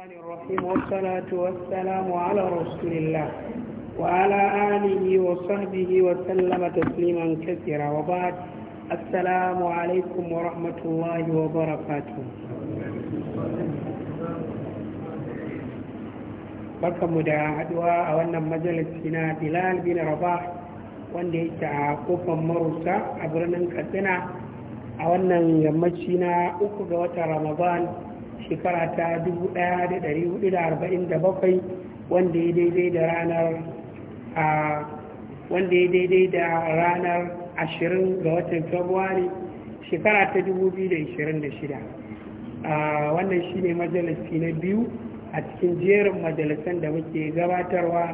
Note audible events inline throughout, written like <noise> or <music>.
الرحمن الرحيم والصلاة والسلام على رسول الله وعلى آله وصحبه وسلم تسليما كثيرا وبعد السلام عليكم ورحمة الله وبركاته barkanmu da haduwa a wannan majalisi na bilal bin rabah wanda yake a kofar marusa a birnin katsina a wannan yammaci uku ga watan ramadan shekara ta 1447 wanda ya daidai da ranar a wanda ya daidai da ranar 20 ga watan februari shekara ta 2026 wannan shi ne majalisi na biyu a cikin jerin majalisan da muke gabatarwa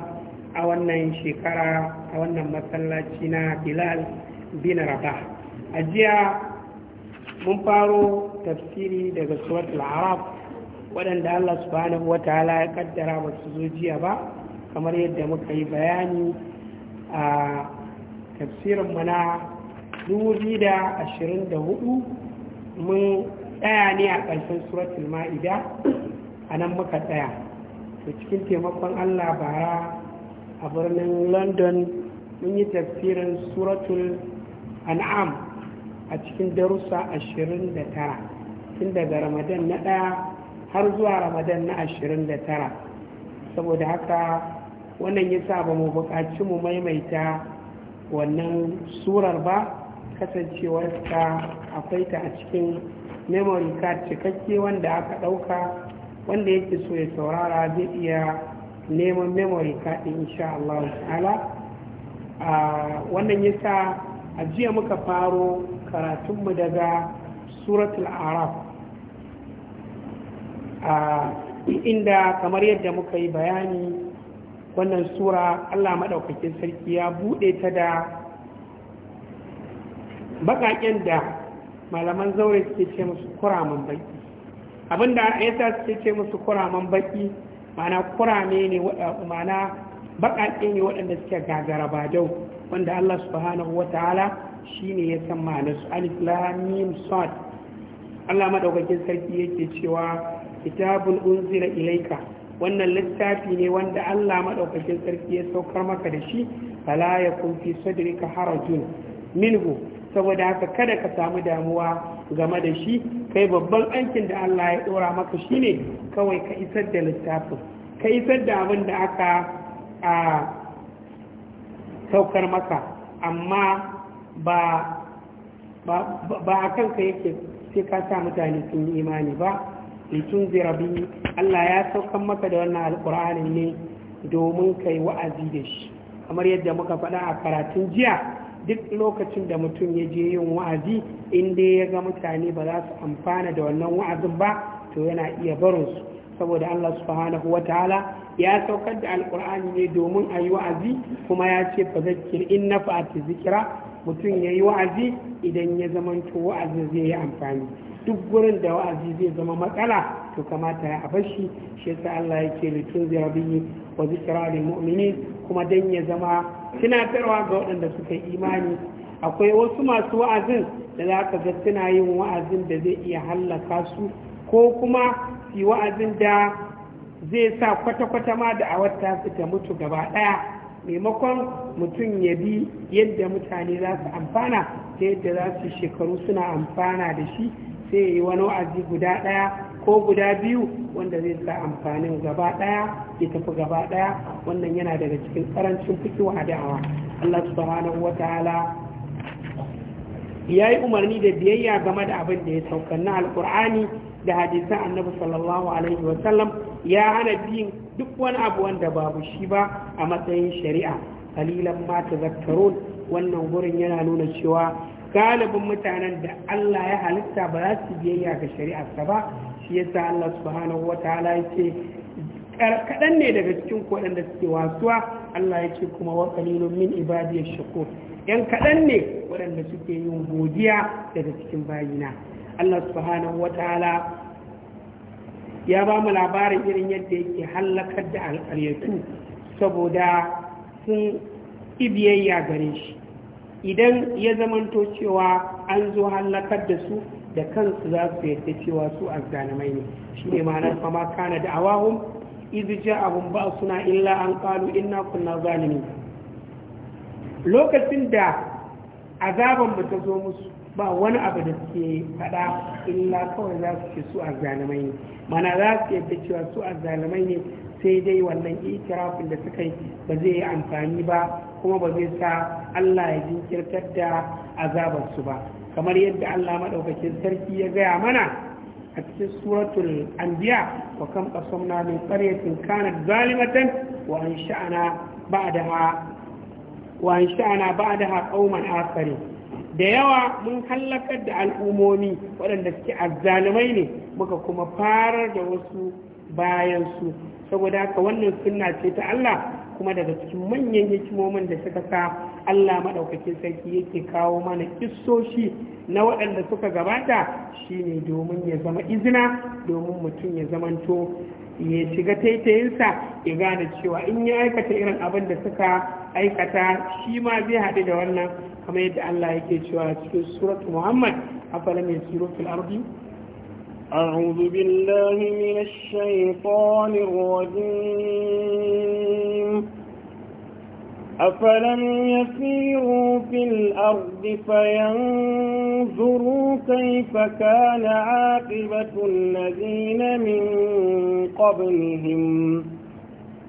a wannan shekara a wannan matsalaci na bilal bin rabah a jiya mun faro tafsiri daga suratul arab waɗanda Allah subhanahu wa ta'ala ya kaddara ba su zo jiya ba kamar yadda muka yi bayani a tafsirin mana na 2024 mun tsaya ne a ƙarshen suratul ma'ida a nan muka tsaya to cikin taimakon Allah bara a birnin london mun yi tafsirin suratul an'am a cikin darussa 29 tun daga ramadan na ɗaya har zuwa ramadan na ashirin da tara saboda haka wannan ya sa ba mu buƙaci mu maimaita wannan surar ba ta akwai ta a cikin memory card cikakke wanda aka ɗauka wanda yake so ya saurara zai iya neman memory card ɗin sha Allah ta'ala wannan ya sa a jiya muka faro karatunmu daga suratul araf a inda kamar yadda muka yi bayani wannan sura Allah maɗaukakin sarki ya buɗe ta da baƙaƙen da malaman zaure suke ce musu man baki abinda ya sa suke ce musu man baki mana kurame ne mana baƙaƙe ne waɗanda suke gagara ba dau wanda Allah subhanahu wa ta'ala shi ne ya san ma'anarsu alif lam mim sad Allah maɗaukakin sarki yake cewa kitabun unzila ilaika wannan littafi ne wanda Allah madaukakin sarki ya saukar maka da shi fala yakun fi sadrika harajun minhu saboda haka kada ka samu damuwa game da shi kai babban aikin da Allah ya dora maka shine kawai ka isar da littafin ka isar da abin da aka a saukar maka amma ba ba akan ka yake sai ka sa mutane sun yi imani ba litun rabi Allah ya saukan maka da wannan alƙur'anin ne domin kai wa'azi da shi kamar yadda muka faɗa a karatun jiya duk lokacin da mutum ya je yin wa'azi inda ya ga mutane ba za su amfana da wannan wa'azin ba to yana iya barinsu saboda Allah subhanahu wa ta'ala ya saukar da alƙur'ani ne domin a yi wa'azi kuma ya ce fa zakir in na fa'ati zikira mutum ya yi wa'azi idan ya zamanto wa'azin zai yi amfani duk gurin da wa'azi zai zama matsala to kamata ya abashi shi yasa Allah yake litun zirabiyi wa zikra lil mu'minin kuma dan ya zama tunatarwa ga waɗanda suka yi imani akwai wasu masu wa'azin da za ka ga suna yin wa'azin da zai iya hallaka su ko kuma yi wa'azin da zai sa kwata-kwata ma da awarta su ta mutu gaba ɗaya maimakon mutum ya bi yadda mutane za su amfana ta yadda za su shekaru suna amfana da shi sai yi wani wa'azi guda ɗaya ko guda biyu wanda zai sa amfanin gaba ɗaya ya tafi gaba ɗaya wannan yana daga cikin ƙarancin fikiwa a da'awa Allah subhanahu wa ta'ala ya yi umarni da biyayya game da abin da ya saukar na alkur'ani da hadisan annabi sallallahu alaihi sallam ya hana biyin duk wani abu wanda babu shi ba a matsayin shari'a kalilan ma tazakkarun wannan gurin yana nuna cewa galibin mutanen da Allah ya halitta ba za su biyayya ga shari'arsa ba shi yasa Allah subhanahu wataala yake kaɗan ne daga cikin waɗanda suke wasuwa Allah ya ce kuma wa qalilun min ibadiyash shakur yan kaɗan ne waɗanda suke yin godiya daga cikin bayina Allah subhanahu wataala ya ba mu labarin irin yadda yake hallakar da alƙaryatu saboda sun ibiyayya gare shi idan ya zamanto cewa an zo hallakar da su da kansu za su yadda cewa su zanamai ne shi ne ma'anar fama kana da izu izija abun ba suna illa an kalu inna kunna zalimi lokacin da azaban ba ta zo musu ba wani abu da suke faɗa illa kawai za su ce su zanamai ne mana za su yadda cewa su zanamai ne sai dai wannan itirafin da suka yi ba zai yi amfani ba kuma ba zai sa Allah ya jinkirtar da azabarsu ba kamar yadda Allah maɗaukakin sarki ya gaya mana a cikin suratul anbiya wa kam qasamna min qaryatin kanat zalimatan wa ansha'na ba'daha wa ansha'na ba'daha qauman akharin da yawa mun hallakar da al'umomi waɗanda suke azzalumai ne muka kuma farar da wasu bayan su saboda haka wannan sunna ce ta Allah kuma daga cikin manyan hikimomin da suka sa Allah maɗaukakin sarki yake kawo mana kissoshi na waɗanda suka gabata shine domin ya zama izina domin mutum ya zamanto ya shiga taitayinsa ya gane cewa in ya aikata irin abin da suka aikata shi ma zai haɗu da wannan kamar yadda Allah yake cewa cikin suratu Muhammad afalam yasiru fil ardi أعوذ بالله من الشيطان الرجيم أفلم يسيروا في الأرض فينظروا كيف كان عاقبة الذين من قبلهم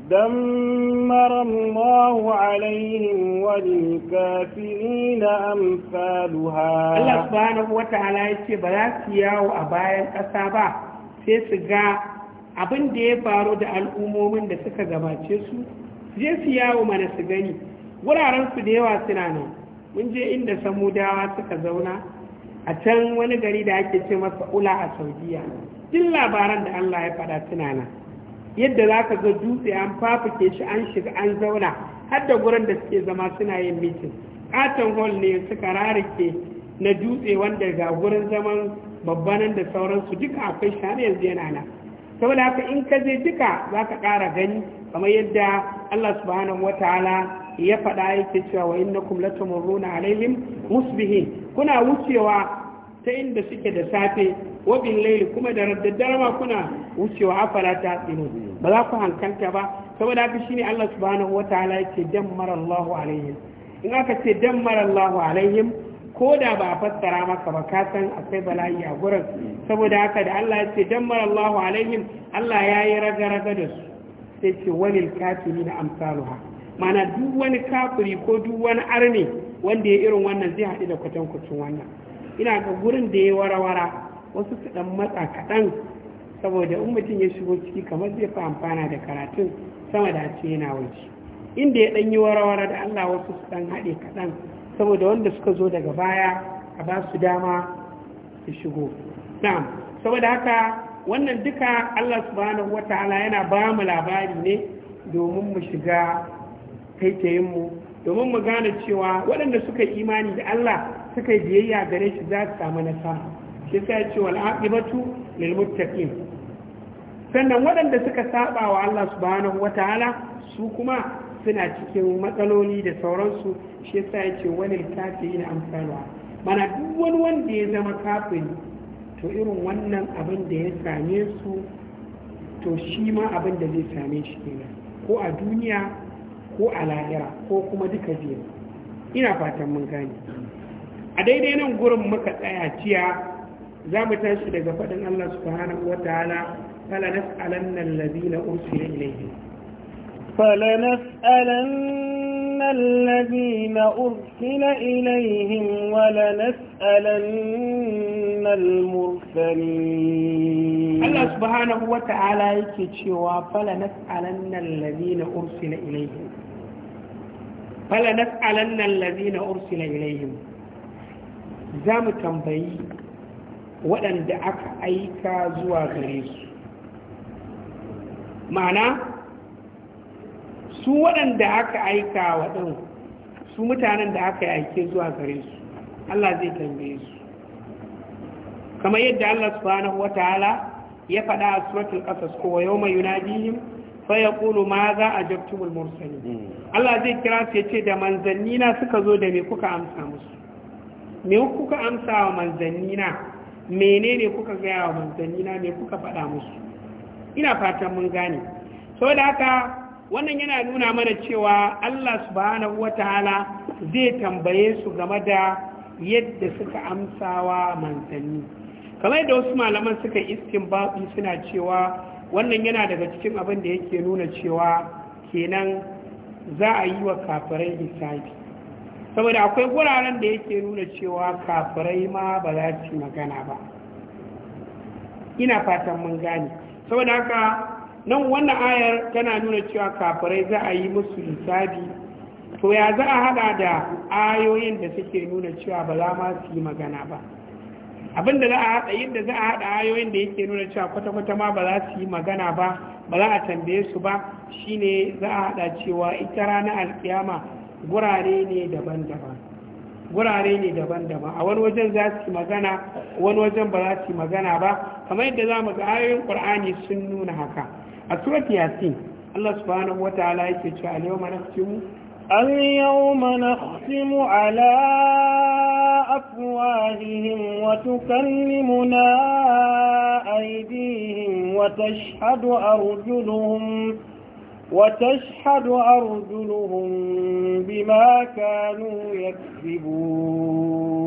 دمر الله عليهم وللكافرين أمثالها الله سبحانه وتعالى يتي بلاسيا وأبايا الأسابة تسقى abin da ya faru da al'ummomin da suka gabace su je su yawo mana su gani wuraren su da yawa suna nan mun je inda samudawa suka zauna a can wani gari da ake ce masa ula a saudiya duk labaran da allah ya faɗa suna nan yadda za ka ga dutse an fafike shi an shiga an zauna har da gurin da suke zama suna yin mitin katon hall ne suka rarike na dutse wanda ga gurin zaman babbanan da sauransu duka akwai shi yanzu yana nan saboda haka in ka je duka za ka kara gani kamar yadda Allah subhanahu wa ta'ala ya faɗa yake cewa wa innakum latamurruna alaihim musbihin kuna wucewa ta inda suke da safe wabin laili kuma da raddadar ma kuna wucewa afala ta tsino ba za ku hankalta ba saboda haka shine Allah subhanahu ta'ala yake dammara Allahu alaihim in aka ce dammara Allahu alaihim ko da ba a fassara maka ba ka san akwai bala'i a gurin saboda haka da Allah ya ce Allahu alaihim Allah ya yi raga-raga da su sai ce walil kafirina amsaluha mana duk wani kafiri ko duk wani arne wanda ya irin wannan zai haɗu da kwatankwacin wannan ina ga gurin da ya wara-wara wasu su dan matsa kaɗan saboda in mutum ya shigo ciki kamar zai fi amfana da karatun sama da ce yana waje inda ya ɗan yi wara-wara da allah wasu su ɗan haɗe kaɗan saboda wanda suka zo daga baya a ba su dama su shigo na'am saboda haka wannan duka allah subhanahu wataala yana ba mu labari ne domin mu shiga mu. domin mu gane cewa waɗanda suka yi imani da Allah suka yi biyayya gare shi za su samu nasara shi sai ce wal aqibatu lil muttaqin sannan waɗanda suka saba wa Allah subhanahu wataala su kuma suna cikin matsaloli da sauransu shi sai ya ce wani kafirin na amsalwa mana duk wani wanda ya zama kafiri to irin wannan abin da ya same su to shi ma abin da zai same shi kenan ko a duniya ko a lahira ko kuma duka biyu ina fatan mun gane a daidai nan gurin muka tsaya ciya za mu tashi daga faɗin Allah subhanahu wataala fala nas'alanna allazina ursila ilayhi fala nas'alanna allazina ursila ilayhim wala nas'alanna al-mursalin Allah subhanahu wataala yake cewa fala nas'alanna allazina ursila ilayhim fala nas'alanna na ursila ilayhim za mu tambayi waɗanda aka aika zuwa gare su ma'ana su waɗanda aka aika waɗin su mutanen da aka aike zuwa gare su Allah zai tambaye su kamar yadda Allah subhanahu ta'ala ya faɗa a suratul qasas ko wa yawma yunadihim sai ya ma za a jabtumul mursali hmm. Allah zai kira su ya ce da manzannina suka zo da me kuka amsa musu me kuka amsa wa manzannina menene kuka gaya wa manzannina me kuka faɗa musu ina fatan mun gane saboda haka wannan yana nuna mana cewa Allah subhanahu wataala zai tambaye su game da yadda suka amsawa manzanni kamar da wasu malaman suka babu suna cewa wannan yana daga cikin abin da yake nuna cewa kenan za a yi wa kafirai hisabi saboda akwai wuraren da yake nuna cewa kafirai ma ba za su magana ba ina fatan mun gane saboda haka nan wannan ayar tana nuna cewa kafirai za a yi musu hisabi to ya za a hada da ayoyin da suke nuna cewa ba za ma su yi magana ba abinda za a haɗa yadda za a haɗa ayoyin da yake nuna cewa kwata-kwata ma ba za su yi magana ba ba za a tambaye su ba shine za a haɗa cewa ita rana alkiyama gurare ne daban-daban gurare ne daban-daban a wani wajen za su yi magana wani wajen ba za su yi magana ba kamar yadda za mu ga ayoyin ƙur'ani sun nuna haka a surat yasin Allah subhanahu wataala yake cewa al-yawma naftimu اليوم نختم على أفواههم وتكلمنا أيديهم وتشهد أرجلهم وتشهد أرجلهم بما كانوا يكسبون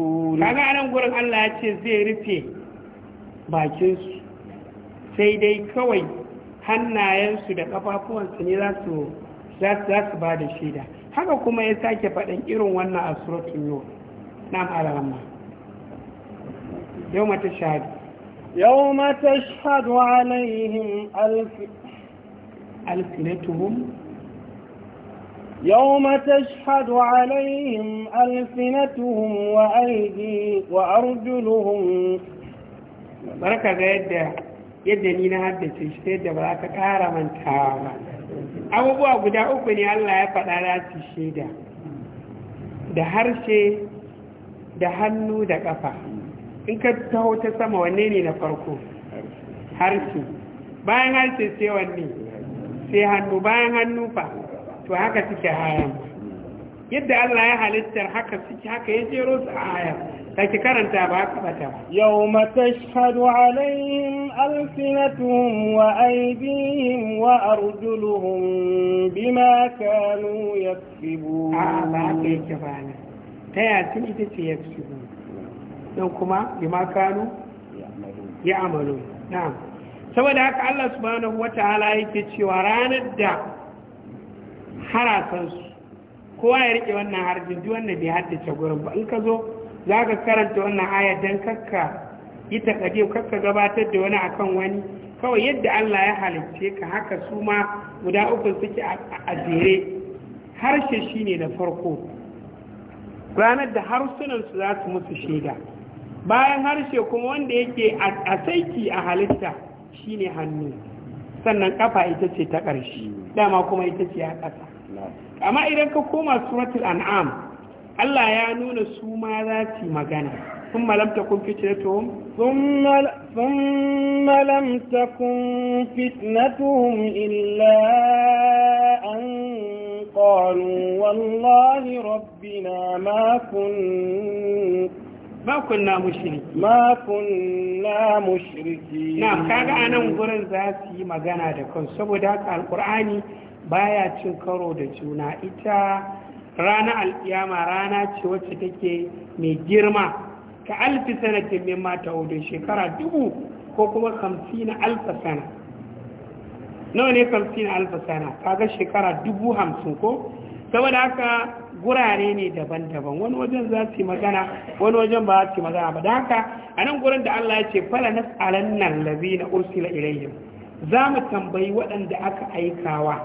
kaga anan gurin Allah ya ce zai rufe bakinsu sai dai kawai hannayensu da kafafuwansu ne zasu ba da shida haka kuma ya sake faɗin irin wannan a suratun yau na alamma yau mata shahadu yau mata shahadu alaihim alfinatuhum yau mata shahadu alaihim alfinatuhum wa aiki wa arjuluhum barka ga yadda yadda ni na haddace shi ta yadda ba za ka kara mantawa ba abubuwa guda uku ne Allah ya faɗa da su shaida da harshe da hannu da ƙafa in ka taho ta sama wanne ne na farko harshe bayan harshe sai wanne sai hannu bayan hannu fa to haka suke hayan yadda Allah ya halittar haka suke haka ya jero su a hayan kake karanta ba ka bata ba yawma tashhadu alaihim alsinatuhum wa aydihim wa arjuluhum bima kanu yaksibun a ba ka yake ba ne ta ya sun ita ce yaksibun don kuma bima kanu ya amalu na'am saboda haka Allah subhanahu wataala yake cewa ranar da harasansu kowa ya rike wannan harjin duk wanda bai haddace gurin ba in ka zo za ka karanta wannan ayar don kakka yi takaje kakka gabatar da wani akan wani kawai yadda Allah ya halicce ka haka su ma guda uku suke a jere harshe shi ne da farko ranar da harsunansu za su musu shaida bayan harshe kuma wanda yake a saiki a halitta shi ne hannu sannan kafa ita ce ta ƙarshe dama kuma ita ce a ƙasa amma idan ka koma suratul an'am Allah ya nuna su ma za su magana sun malamta kun fitnatuhum Sun لم تكن kun إلا أن قالوا والله ربنا ما كنا ma kunna mushriki ma kunna mushriki na kaga nan gurin za su yi magana da kan saboda haka ba baya cin karo da juna ita rana al'iyama rana ce wacce take mai girma ka alfi sanatin min mata hudu shekara dubu ko kuma na alfa sana nawa ne kamsi na alfa sana kaga shekara dubu hamsin ko saboda haka gurare ne daban-daban wani wajen za su yi magana wani wajen ba za su yi magana ba da haka a nan gurin da Allah ya ce fala tsalan nan lazi na ursula ilayhim za mu tambayi waɗanda aka aikawa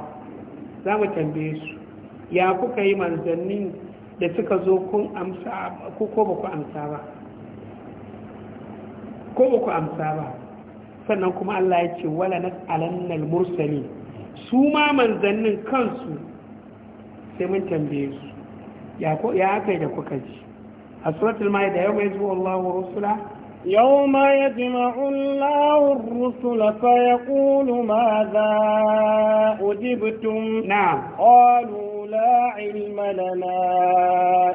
za mu tambaye su ya kuka yi manzannin da suka zo ko ba ku amsa ba sannan kuma Allah ya ce wala alannal mursali su ma manzannin kansu sai mun tambaye su ya aka yi da kuka ji a suratul maida yau mai zuwa Allah wa rusula يوم يجمع الله الرسل فيقول ماذا أجبتم نعم قالوا لا علم لنا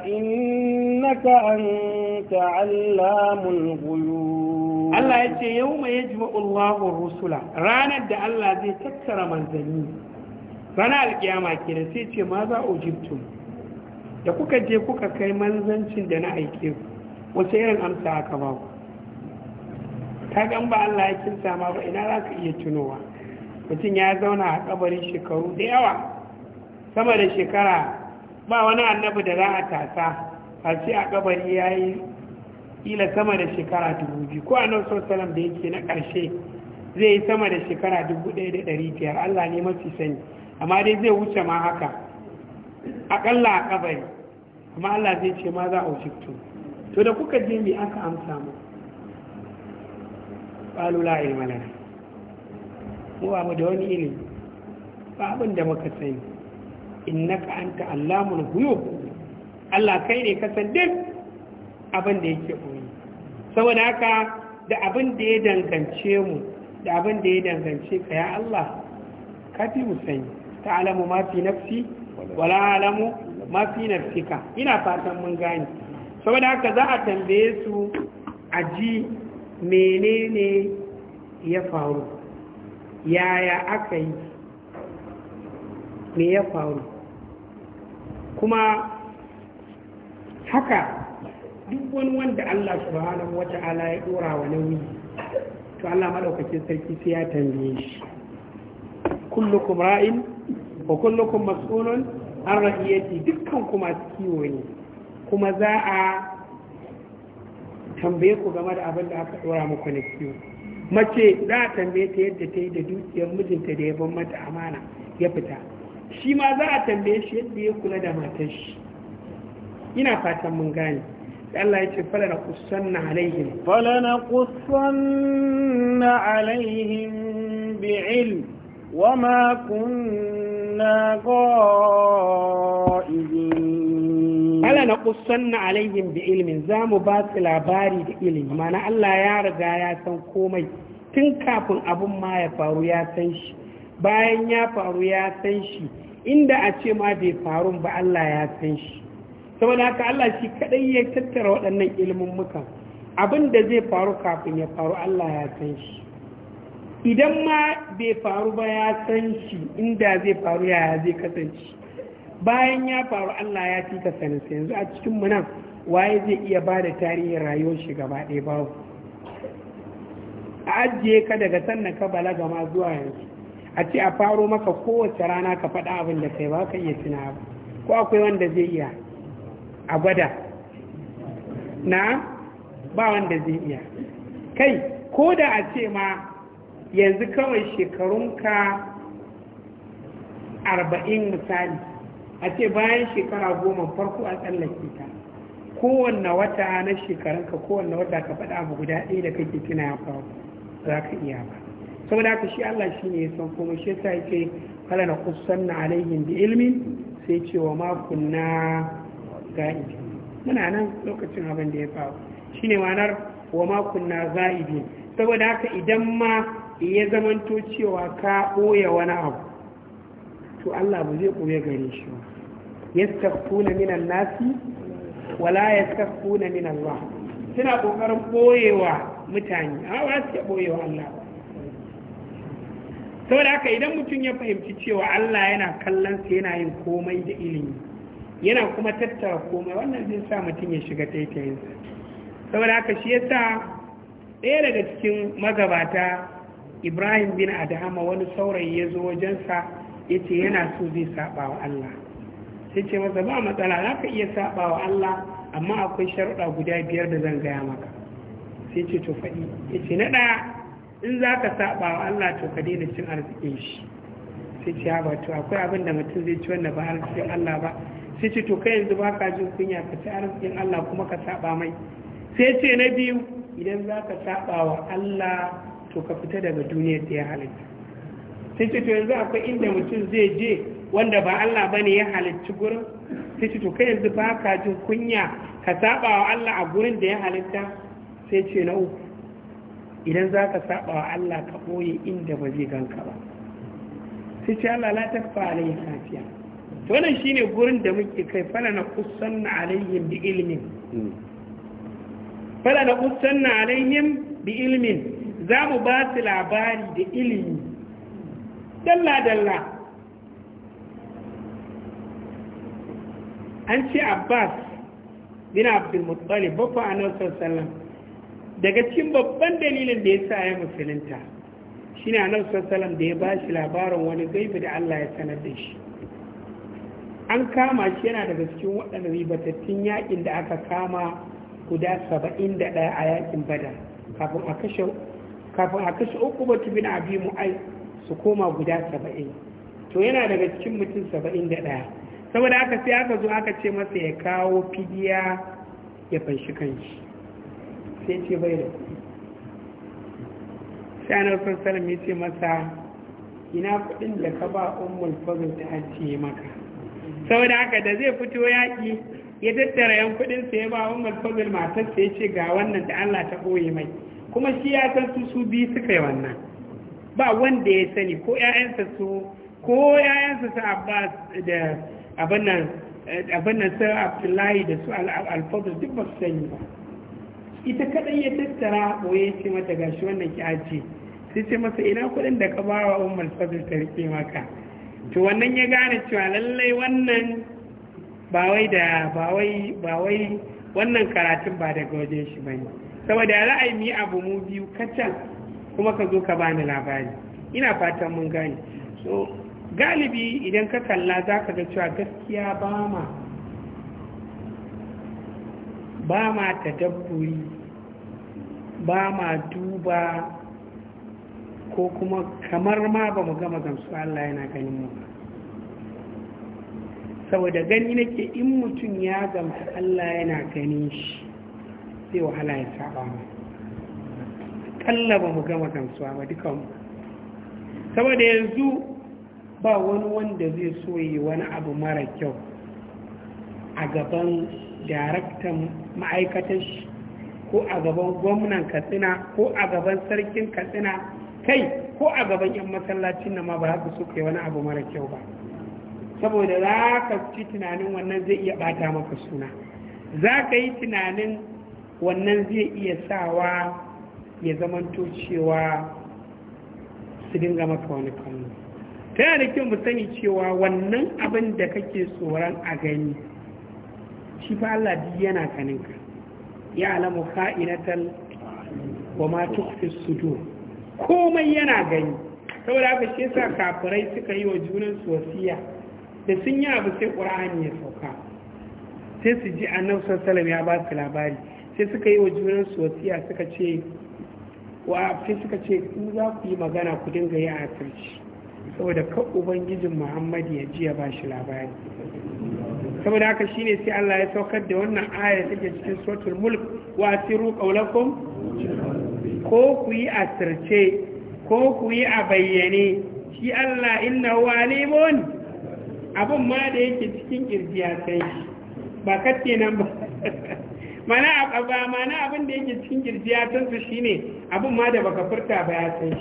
إنك أنت علام الغيوب الله يجي يوم يجمع الله الرسل راند الله ذي تكسر من ذنين رانا القيامة كده ماذا أجبتم da kuka je kuka kai manzancin da na aike ku wace irin amsa aka ba ku ta gan ba Allah ya kinta ma ba ina za ka iya tunowa mutum ya zauna a ƙabarin shekaru da yawa sama da shekara ba wani annabi da za a tasa a ce a kabari ya yi ila sama da shekara dubu biyu ko annabi Salam da yake na ƙarshe zai yi sama da shekara dubu ɗaya da ɗari biyar Allah ne mafi sani amma dai zai wuce ma haka aƙalla a kabari amma Allah zai ce ma za a wuce to da kuka je me aka amsa mu ƙalu la ilma lana mu ba mu da wani ilimi ba abin da muka sani innaka anta allamul ghuyub Allah kai ne ka san duk abin da yake koyi saboda haka da abin da ya dangance mu da abin da ya dangance ka ya Allah ka fi mu sani ta'lamu ma fi nafsi wala alamu ma fi nafsika ina fatan mun gane saboda haka za a tambaye su a ji menene ya faru yaya aka yi me ya faru kuma haka duk wani wanda Allah subhanahu ta'ala ya dora wa nauyi to Allah madaukakin sarki sai ya tambaye shi kullukum ra'in wa kullukum mas'ulun an ra'iyati dukkan kuma kiwo ne kuma za a tambaye ku game da abin da aka ɗora muku na ciwo mace za a tambaye ta yadda ta yi da dukiyar mijinta da ya ban mata amana ya fita shi ma za a tambaye shi yadda ya kula da matar shi ina fatan mun gane Allah ya ce fala na kusanna alaihim fala na kusanna alaihim bi وما كنا غائبين هل نقصن عليهم بعلم زام باس لاباري بعلم معنى الله يا رجا يا سنكومي komai tun kafin abun ma ya faru ya bayan ya faru ya san shi inda a ce ma bai faru ba Allah ya san shi saboda haka Allah shi kadai ya tattara waɗannan ilimin muka abin da zai faru kafin ya faru Allah ya san shi idan ma bai faru ba ya san shi inda zai faru yaya zai kasance bayan ya faru Allah ya fi ka yanzu a cikin mu nan waye zai iya ba da tarihin rayuwar shi gaba ɗaya babu a ajiye ka daga sannan ka balaga ma zuwa yanzu a ce a faro maka kowace rana ka faɗa abin da kai ba ka iya tuna ba ko akwai wanda zai iya a gwada na ba wanda zai iya kai ko da a ce ma yanzu kawai shekarunka arba'in misali a ce bayan shekara goma farko a tsallake ta kowanne wata na shekarunka kowanne wata ka faɗa abu guda ɗaya da kake tuna ya faru za ka iya ba saboda haka shi Allah shi ne ya san kuma shi yasa yake kala na kusan na alaihin da ilmi sai ce wa makon na ga'ibi muna nan lokacin abin da ya faru ne ma'anar wa makon na ga'ibi saboda haka idan ma ya zamanto cewa ka ɓoye wani abu to Allah ba zai ɓoye gare shi ba yastaghfuna minan nasi wala yastaghfuna minan Allah suna kokarin boyewa mutane amma ba su boyewa Allah da haka idan mutum ya fahimci cewa Allah yana kallon sa yana yin komai da ilimi yana kuma tattara komai wannan zai sa mutum ya shiga taitayin sa saboda haka shi yasa ɗaya daga cikin magabata ibrahim bin adama wani saurayi ya zo wajensa ya ce yana so zai saba wa allah sai ce masa ba matsala za ka iya saba wa allah amma akwai sharuɗa guda biyar da zan gaya maka sai ce to faɗi ya ce na ɗaya in za ka saba wa allah to ka daina cin arzikin shi sai ce ba to akwai abin da mutum zai ci wanda ba arzikin allah ba sai ce to kai yanzu ba ka jin kunya ka ci arzikin allah kuma ka saba mai sai ce na biyu idan za ka saba wa allah to ka fita daga duniyar da ya halitta sai ce to yanzu akwai inda mutum zai je wanda ba Allah bane ya halitta gurin sai ce to kai yanzu ba ka jin kunya ka saba wa Allah a gurin da ya halitta sai ce na uku idan za ka saba wa Allah ka ɓoye inda ba zai ganka ba sai ce Allah la tafa alayhi kafiya to wannan shine gurin da muke kai fala na kusanna alayhim bi ilmin hmm. fala na kusanna alayhim bi ilmin za mu ba su labari da ilimi dalla-dalla an ce abbas bin abdulmuttalib bafa a nan sallam daga cikin babban dalilin da ya sa ya musulunta shi ne a nan sallam da ya ba shi labarin wani gaibi da allah ya sanar da shi an kama shi yana daga cikin waɗanda ribatattun yaƙin da aka kama guda saba'in da ɗaya a yaƙin bada kafin a kashe kafin a kashe uku batu bin abi mu'ai su koma guda saba'in to yana daga cikin mutum saba'in da ɗaya saboda aka sai aka zo aka ce masa ya kawo fidiya ya fanshi kanshi sai ce bai da kuɗi sai anar salam ya ce masa ina kuɗin da ka ba ummul fadl ta ajiye maka saboda haka da zai fito yaƙi ya tattara yan kuɗinsa ya ba ummul fadl matarsa ya ce ga wannan da Allah ta ɓoye mai kuma shi ya san su su biyu suka yi wannan ba wanda ya sani ko ‘ya'yansa su ko ‘ya'yansa su abbas da abinan sa abdullahi da su alfadar duk ba su sani ba ita kaɗai ya tattara ɓoye ce mata gashi wannan ki ce sai ce masa ina kuɗin da ka ba wa umar fadar ta rike maka to wannan ya gane cewa lallai wannan ba da ba wai wannan karatun ba daga wajen shi bane saboda ya ra'ayi mu yi abu mu biyu kacan kuma ka zo ka bani labari ina fatan mun gane so galibi idan ka kalla za ka ga cewa gaskiya ba ma ba ma dabburi ba ma duba ko kuma kamar ma ba mu gama gamsu Allah yana ganin mu saboda gani nake in mutum ya gamsu Allah yana ganin shi sai wahala ya saba mu kalla ba mu gama gamsuwa ba dukan saboda yanzu ba wani wanda zai so yi wani abu mara kyau a gaban daraktan ma'aikatar shi ko a gaban gwamnan katsina ko a gaban sarkin katsina kai ko a gaban 'yan masallacin na ma ba haka so kai wani abu mara kyau ba saboda za ka ci tunanin wannan zai iya bata maka suna za ka yi tunanin wannan zai iya sawa ya zamanto cewa su dinga maka wani kano. ta yana da kyau mu sani cewa wannan abin da kake tsoron a gani shi fa Allah duk yana kaninka ya alamu ka'inatal wa ma tukfi sudur komai yana gani saboda haka shi yasa kafirai suka yi wa junan sosiya da sun yi abu sai qur'ani ya sauka sai su ji annabi sallallahu ya ba su labari sai suka yi wa junansu wasiya suka ce wa sai suka ce ku za ku yi magana ku dinga yi a asirci saboda kan ubangijin muhammadu ya ji ya ba shi labari saboda haka shine sai Allah ya saukar da wannan aya take cikin suratul mulk wa asiru qawlakum ko ku yi asirce ko ku yi a bayyane shi Allah innahu alimun Abin ma da yake cikin kirjiya sai ba katte nan ba <laughs> mana ƙaba mana abin da yake cikin girji ya san su shine abin ma da baka furta ba ya san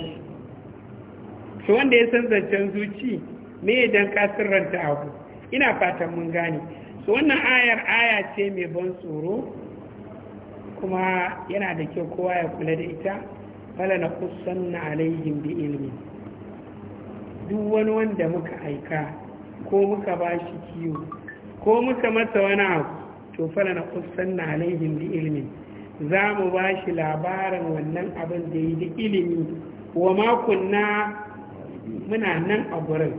shi wanda ya san zancen zuci ne dan kasirranta abu ina fatan mun gane Su wannan ayar aya ce mai ban tsoro kuma yana da kyau kowa ya kula da ita fala na kusan na alaihim bi ilmi duk wani wanda muka aika ko muka ba shi kiwo ko muka masa wani abu to fala na kusanna alaihim bi ilimin za mu ba shi labarin wannan abin da yi da ilimi wa makunna muna nan a gurin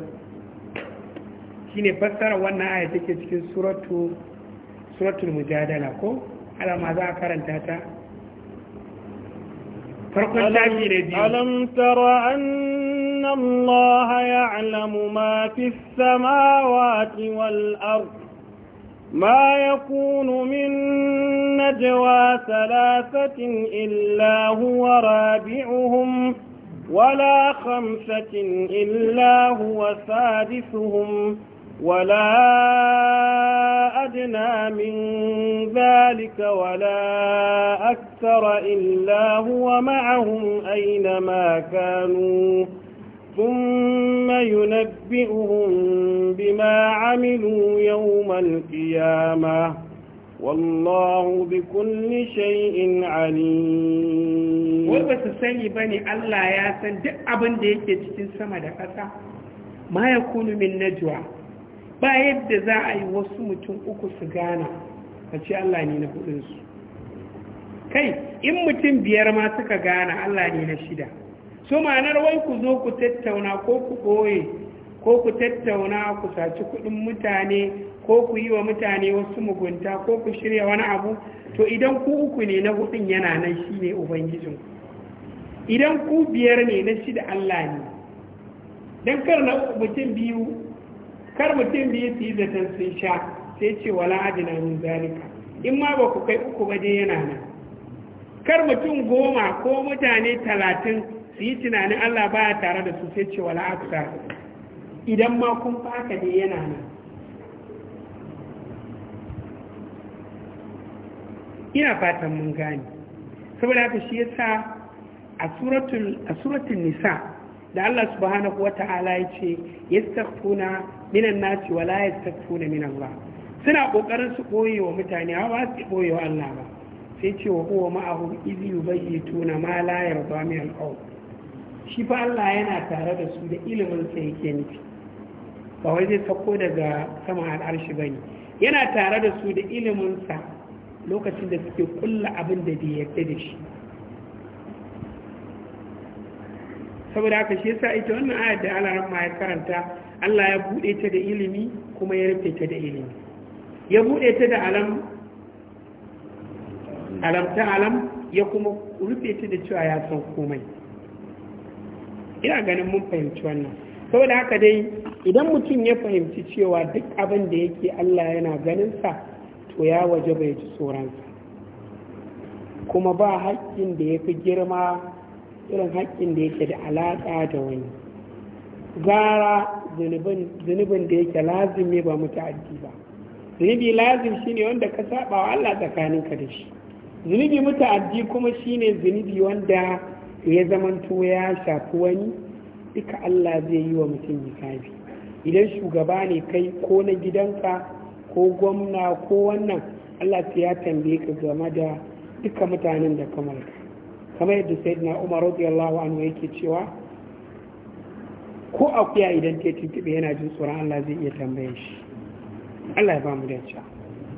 shi ne fassara wannan aya take cikin suratul mujadala ko alama za a karanta ta farkon shafi ne biyu alam tara anna allaha ya'lamu ma fi samawati wal ardh ما يكون من نجوى ثلاثة إلا هو رابعهم ولا خمسة إلا هو سادسهم ولا أدنى من ذلك ولا أكثر إلا هو معهم أينما كانوا ثم ينبئهم بما عملوا يوم القيامة والله بكل شيء عليم وبس سني بني الله يا سن duk abinda yake cikin sama da ƙasa ma yakunu min ba yadda za a yi wasu mutum uku su gana a Allah ne na hudunsu kai in mutum biyar ma suka gane Allah ne na shida so ma'anar wai ku zo ku tattauna ko ku ɓoye ko ku tattauna ku saci kuɗin mutane ko ku yi wa mutane wasu mugunta ko ku shirya wani abu to idan ku uku ne na hudun yana nan shi ne ubangijin idan ku biyar ne na shi da Allah ne don kar na mutum biyu kar mutum biyu su yi zaton sun sha sai ce wala adina min zalika in ma ba ku kai uku ba dai yana nan kar mutum goma ko mutane talatin su yi tunanin Allah baya tare da su sai ce wa la'afta idan ma kun faka da yana nan ina fatan mun gani saboda haka shi yasa a suratun a nisa da Allah subhanahu ta'ala ya ce ya yastaghfuna minan nasi wala yastaghfuna minan ba, suna kokarin su koye wa mutane ba su koye wa Allah ba sai ce wa ma ma'ahum idh zai ma la ba mai al shi fa Allah yana tare da su da ilimin sa yake nufi ba wai zai sako daga sama al'arshi bane yana tare da su da ilimin sa lokacin da suke kulla abin da bai yarda da shi saboda haka shi yasa ita wannan ayar da Allah ma ya karanta Allah ya bude ta da ilimi kuma ya rufe ta da ilimi ya bude ta da alam alam ta alam ya kuma rufe ta da cewa ya san komai ina ganin mun fahimci wannan saboda haka dai idan mutum ya fahimci cewa duk abin da yake Allah yana ganinsa to ya waje bai ji tsoronsa kuma ba haƙƙin da ya fi girma irin haƙƙin da yake da alaƙa da wani gara zunubin da yake lazimi ba muta'addi ba zunubi lazim ne wanda ka saba wa Allah tsakaninka da shi zunubi muta'addi kuma shi ne zunubi wanda ya zamanto ya shafi wani duka Allah zai yi wa mutum hisabi idan shugaba ne kai ko na gidanka ko gwamna ko wannan Allah ya tambaye ka game da duka mutanen da ka mulka kamar yadda na Umar radiyallahu anhu yake cewa ko akuya idan ta tuntube yana jin tsoron Allah zai iya tambaye shi Allah ya ba mu dace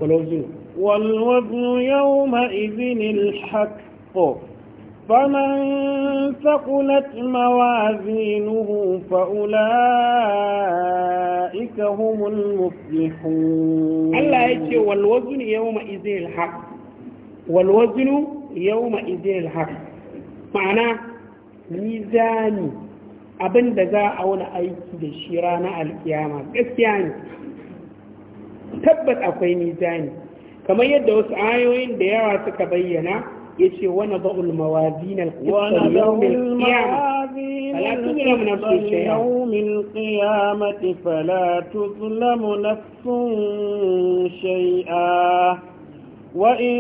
walau zunu yawma idhin al haqq فمن ثقلت موازينه فأولئك هم المفلحون الله يجي والوزن إذن الحق والوزن إذن الحق معنى ميزان abin da za a wani aiki da shi rana alkiyama gaskiya ne tabbas akwai mizani kamar yadda wasu ayoyin da yawa suka bayyana الموازين yace wani ba'ul شيئا يوم القيامة فلا تظلم نفس شيئا وإن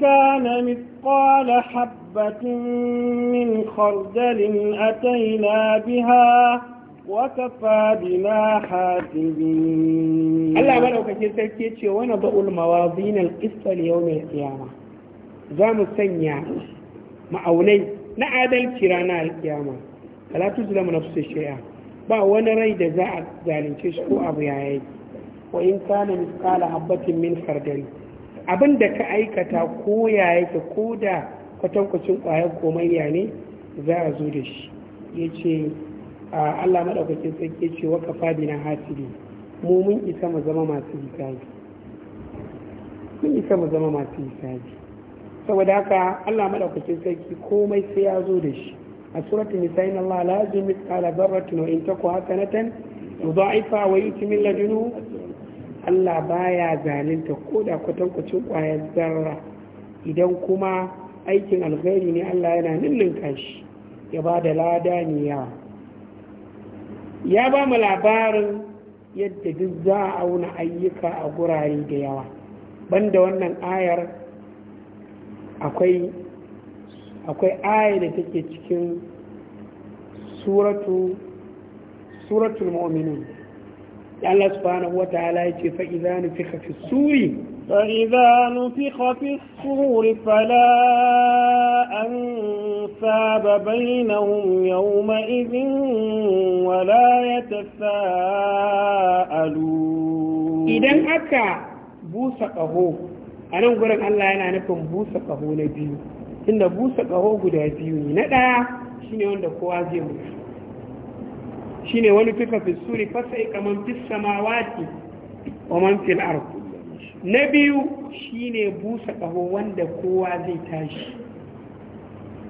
كان مثقال حبة من خردل أتينا بها وكفى بنا حاسبين. الله أبدا وكثير تركيتش وين ضوء الموازين القصة ليوم القيامة za mu sanya ma'aunai na adalci rana alkiyama talatu zama na fusa shari'a ba wani rai da za a zalunce shi ko abu ya yi wa in kana miskala habatin min khardal abin da ka aikata ko ya yake ko da kwatankwacin ƙwayar ya ne za a zo da shi ya ce allah maɗaukakin sarki ya ce waka fadi na hasiri mu mun isa mu zama masu hisabi mun saboda haka Allah madaukakin sarki komai sai ya zo da shi a suratul nisa Allah la yuzillu mithqala dharratin wa in taku hasanatan yudha'ifa wa yuti min ladunhu Allah baya zalunta ko da kwatankwacin kwayar zarra idan kuma aikin alkhairi ne Allah yana nillinka shi ya ba da lada ne yawa ya ba mu labarin yadda duk za a auna ayyuka a gurare da yawa banda wannan ayar akwai akwai aya da take cikin suratu suratul mu'minun Allah subhanahu wataala yace fa idza nufikha fi suri fa idza nufikha fi suri fala ansaba bainahum yawma idhin wala ya alu. idan aka busa qaho a nan gurin Allah yana nufin busa ƙaho na biyu inda busa ƙaho guda biyu ne na ɗaya shine wanda kowa zai mutu shine wani tuka fi suri fasai kaman fi samawati wa man fil ardh na biyu shine busa ƙaho wanda kowa zai tashi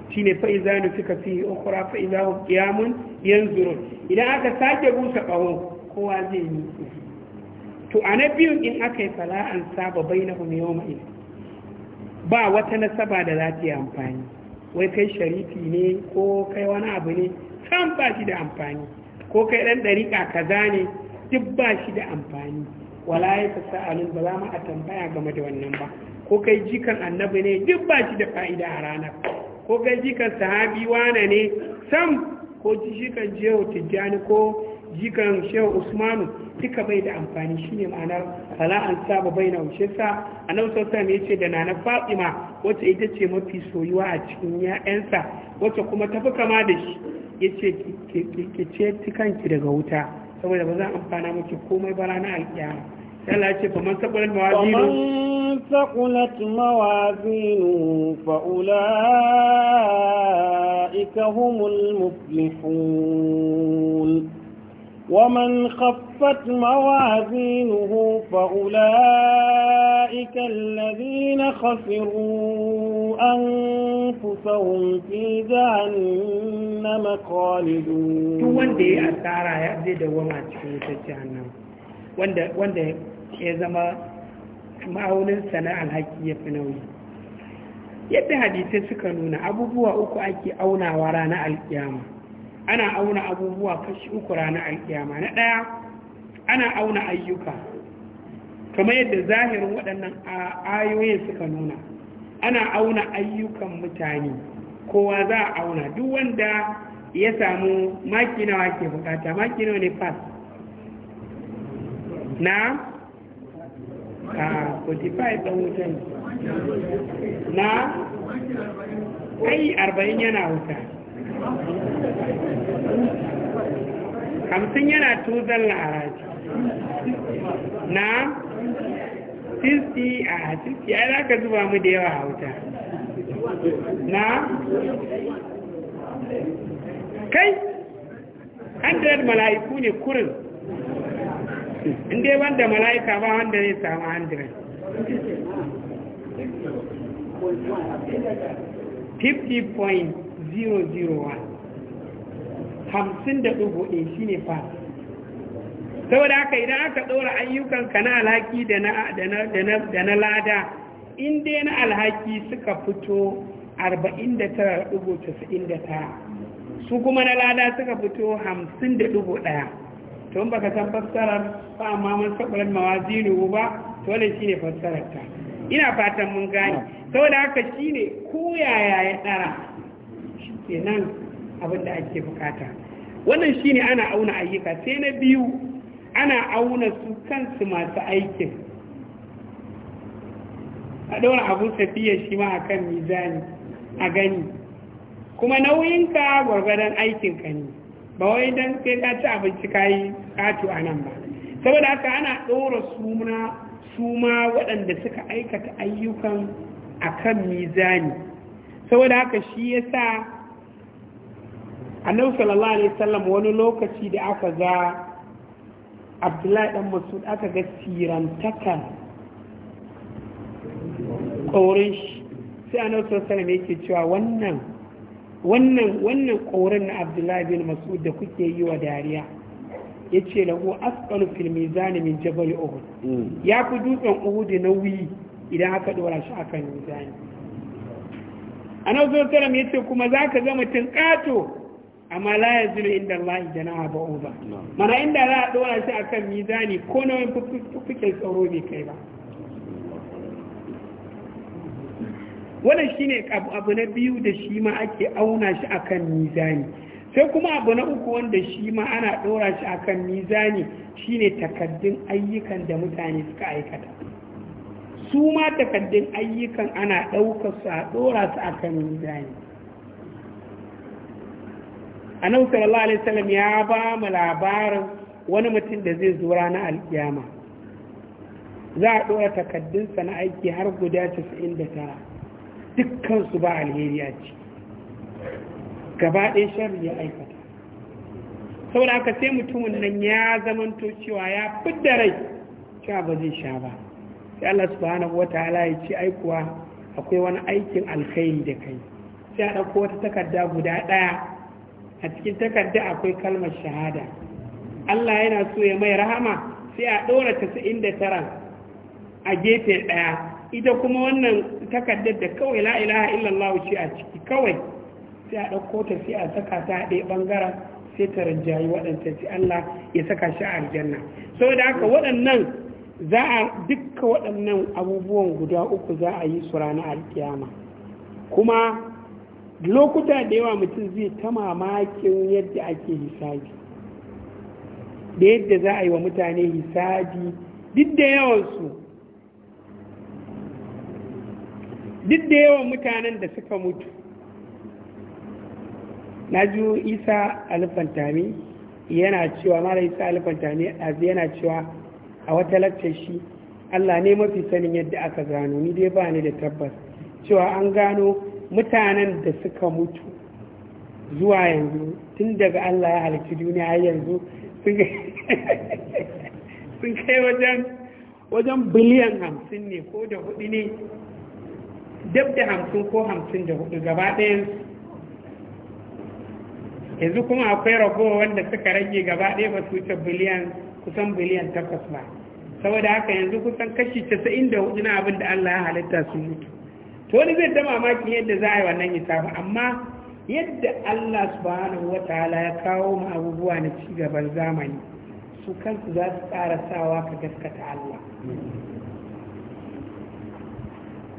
shine fa iza nufika fi ukhra fa iza hum yanzu idan aka sake busa ƙaho kowa zai yi to a na biyun in aka yi sala'an saba bai na yau mai ba wata nasaba da za ta yi amfani wai kai shariki ne ko kai wani abu ne sam ba shi da amfani ko kai ɗan ɗariƙa kaza ne duk ba shi da amfani wala ya fi sa'alin ba za mu a tambaya game da wannan ba ko kai jikan annabi ne duk ba shi da fa'ida a ranar ko kai jikan sahabi wane ne sam ko jikan jihar tijjani ko jikan shehu usmanu duka bai da amfani shine ma'anar fala an saba bai na wuce sa nan sallallahu ya ce da nana fa'ima wacce ita ce mafi soyuwa a cikin ya'yansa wacce kuma tafi kama da shi ya ce ki ce kanki daga wuta saboda ba zan amfana miki komai ba ranar alkiyama Allah ce fa man mawazinu mawazinu fa ulaika humul muflihun ومن خفت موازينه فأولئك الذين خسروا أنفسهم في جهنم خالدون وان دي أسارة يأبدي دوما تشوية جهنم وان دي يزما ma'aunin sana'ar haƙi ya fi يفنوي yadda hadisai سكنونا nuna بوا uku ake aunawa ورانا alkiyama ana auna abubuwa kashi uku ranar alkiyama na ɗaya ana auna ayyuka kamar yadda zahirin waɗannan ayoyin suka nuna ana auna ayyukan mutane kowa za a auna duk wanda ya samu maki nawa ke bukata maki nawa ne pass na a 45 ɗan wutan na ai 40 yana wuta hamsin yana tuzon laraci na 60 a 60 ya za ka zuba mu da yawa hauta na kai hundred mala'iku ne kurin inda wanda mala'ika ba wanda zai samu zero 50.001 hamsin da ɗugu ɗin shi ne fara saboda haka idan aka ɗora ayyukanka na alhaki da na lada in dai na alhaki suka fito 49.99 su kuma na lada suka fito 50.1 to in baka san fassarar ba amma man saɓarar mawazinu ba to wannan shine fassarar ta ina fatan mun gane saboda haka shine ko yaya ya ɗara shi kenan abin da ake bukata wannan shine ana auna ayyuka sai na biyu ana auna su kansu masu aikin a daura abu safiya shi ma a mizani a gani kuma nauyinka gwargwadon aikinka ne ba wai don kai ka ci abinci ka yi kato a ba saboda haka ana ɗora suna suma waɗanda suka aikata ayyukan akan kan mizani saboda haka shi ya sa annabi sallallahu alaihi wasallam wani lokaci da aka ga abdullahi dan masud aka ga sirantaka ƙaurin shi sai annabi sallallahu alaihi wasallam yake cewa wannan wannan wannan ƙaurin na abdullahi bin masud da kuke yi wa dariya ya ce lahu asqalu fil mizan min jabal uhud mm. ya ku dutsen uhud nauyi idan aka dora shi akan mizani annabi sallallahu alaihi wasallam yace kuma zaka ga mutum kato amma la ya zuru inda Allah jana ba uba mana inda za a dora shi akan mizani ko na wani tsaro bai kai ba wannan shine abu na biyu da shi ma ake auna shi akan mizani sai kuma abu na uku wanda shi ma ana dora shi akan mizani shine takaddun ayyukan da mutane suka aikata su ma takaddun ayyukan ana ɗaukar su a dora su akan mizani annabi sallallahu alaihi wasallam ya ba mu labarin wani mutum da zai zura na alkiyama za a dora takaddunsa na aiki har guda 99 dukkan su ba alheri a ci gaba ɗaya sharri ya aikata saboda aka sai mutumin nan ya zamanto cewa ya fidda rai cewa ba zai sha ba sai Allah subhanahu wataala ya ce aikuwa akwai wani aikin alkhairi da kai sai a ɗauko wata takarda guda ɗaya a cikin takarda akwai kalmar shahada Allah yana so ya mai rahama sai a ɗora 99 a gefe ɗaya ita kuma wannan takardar da kawai la ilaha illallah ce a ciki kawai sai a ɗauko ta sai a saka ta a ɗaya ɓangaren sai ta rinjayi waɗanta sai Allah ya saka shi a aljanna saboda haka waɗannan za a dukka waɗannan abubuwan guda uku za a yi su ranar alkiyama kuma lokuta da yawa mutum zai ta mamakin yadda ake hisabi da yadda za a yi wa mutane hisabi duk da yawansu duk da yawan mutanen da suka mutu na ji isa alfantami yana cewa mara isa alfantami yana cewa a wata lacce shi allah ne mafi sanin yadda aka gano ni dai ba ni da tabbas cewa an gano mutanen da suka mutu zuwa yanzu tun daga Allah ya halittu duniya yanzu sun kai <laughs> wajen biliyan hamsin ne ko da hudu ne dab da hamsin ko hamsin da hudu gaba ɗayan yanzu kuma akwai ragowa wanda suka rage gaba ɗaya ba su wuce biliyan kusan biliyan takwas ba saboda haka yanzu kusan kashi 94 na abin da Allah ya halitta su mutu to wani zai ta mamakin yadda za a yi wannan hisabi amma yadda Allah subhanahu wataala ya kawo mu abubuwa na ci gaban zamani su kansu za su ƙara sawa ka gaskata Allah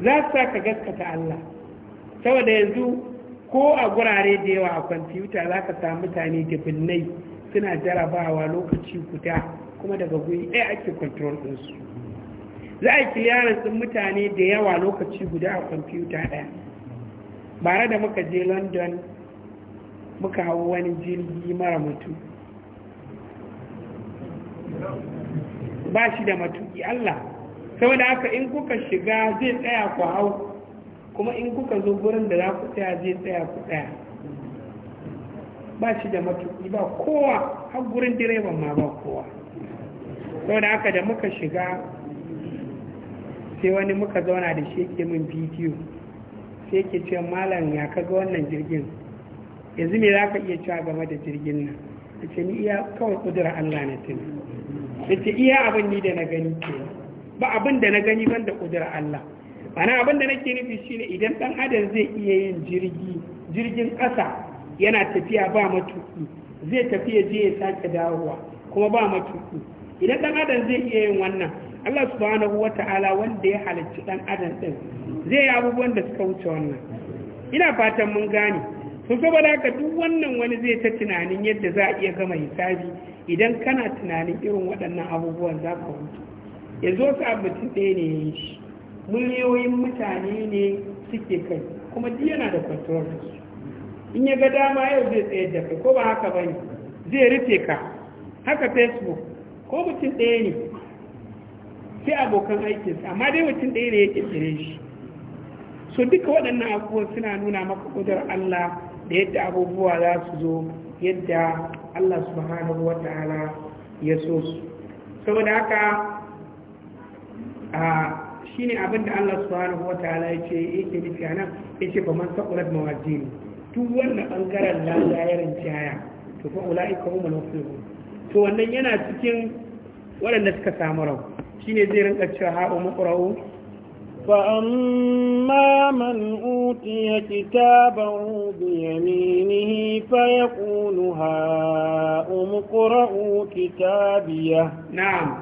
za su sa ka gaskata Allah saboda yanzu ko a gurare da yawa a kwamfuta za ka samu mutane binnai suna jarabawa lokaci guda kuma daga guri ɗaya ake kwantaron ɗinsu za a kiliyarar sun mutane da yawa lokaci guda a kwamfuta ɗaya bare da muka je london muka hau wani jirgi mara mutu ba shi da matuki allah da haka in kuka shiga zai tsaya ku hau kuma in kuka zo gurin da za ku tsaya zai tsaya ku tsaya ba shi da matuki ba kowa har gurin direban ma ba kowa da haka da muka shiga sai wani muka zauna da shi ke min bidiyo sai ke ce malam ya kaga wannan jirgin yanzu me za ka iya cewa game da jirgin nan da ce ni iya kawai kudura allah na tuni da ce iya abin ni da na gani ke ba abin da na gani ban da kudura allah ana abin da nake nufi shine idan dan adam zai iya yin jirgi jirgin ƙasa yana tafiya ba matuku, zai tafiya je ya sake dawowa kuma ba matuku. idan dan adam zai iya yin wannan Allah subhanahu ta'ala wanda ya halarci dan adam ɗin zai yi abubuwan da suka wuce wannan ina fatan mun gane to saboda haka duk wannan wani zai ta tunanin yadda za a iya gama hisabi idan kana tunanin irin waɗannan abubuwan za ka hutu yanzu ka abu ɗaya ne ya yi shi miliyoyin mutane ne suke kai kuma duk yana da kwantuwar in ya ga dama yau zai tsayar da kai ko ba haka ba ne zai rufe ka haka facebook ko mutum ɗaya ne sai abokan aikinsa amma dai mutum ɗaya ne ya ƙirƙire shi so duka waɗannan abubuwan suna nuna maka ƙudurar Allah da yadda abubuwa za su zo yadda Allah subhanahu wa ta'ala ya so su saboda haka shi ne abinda Allah subhanahu wa ta'ala ya ce yake nufi a nan ya ce ba man saƙulat ne Tun wannan ɓangaren na ya jaya to fa ula'ika umar wasu to wannan yana cikin waɗanda suka samu rau shine zai rinka cewa ha'u muqra'u فأما من أوتي كتابه بيمينه فيقول هاؤم اقرءوا كتابيه نعم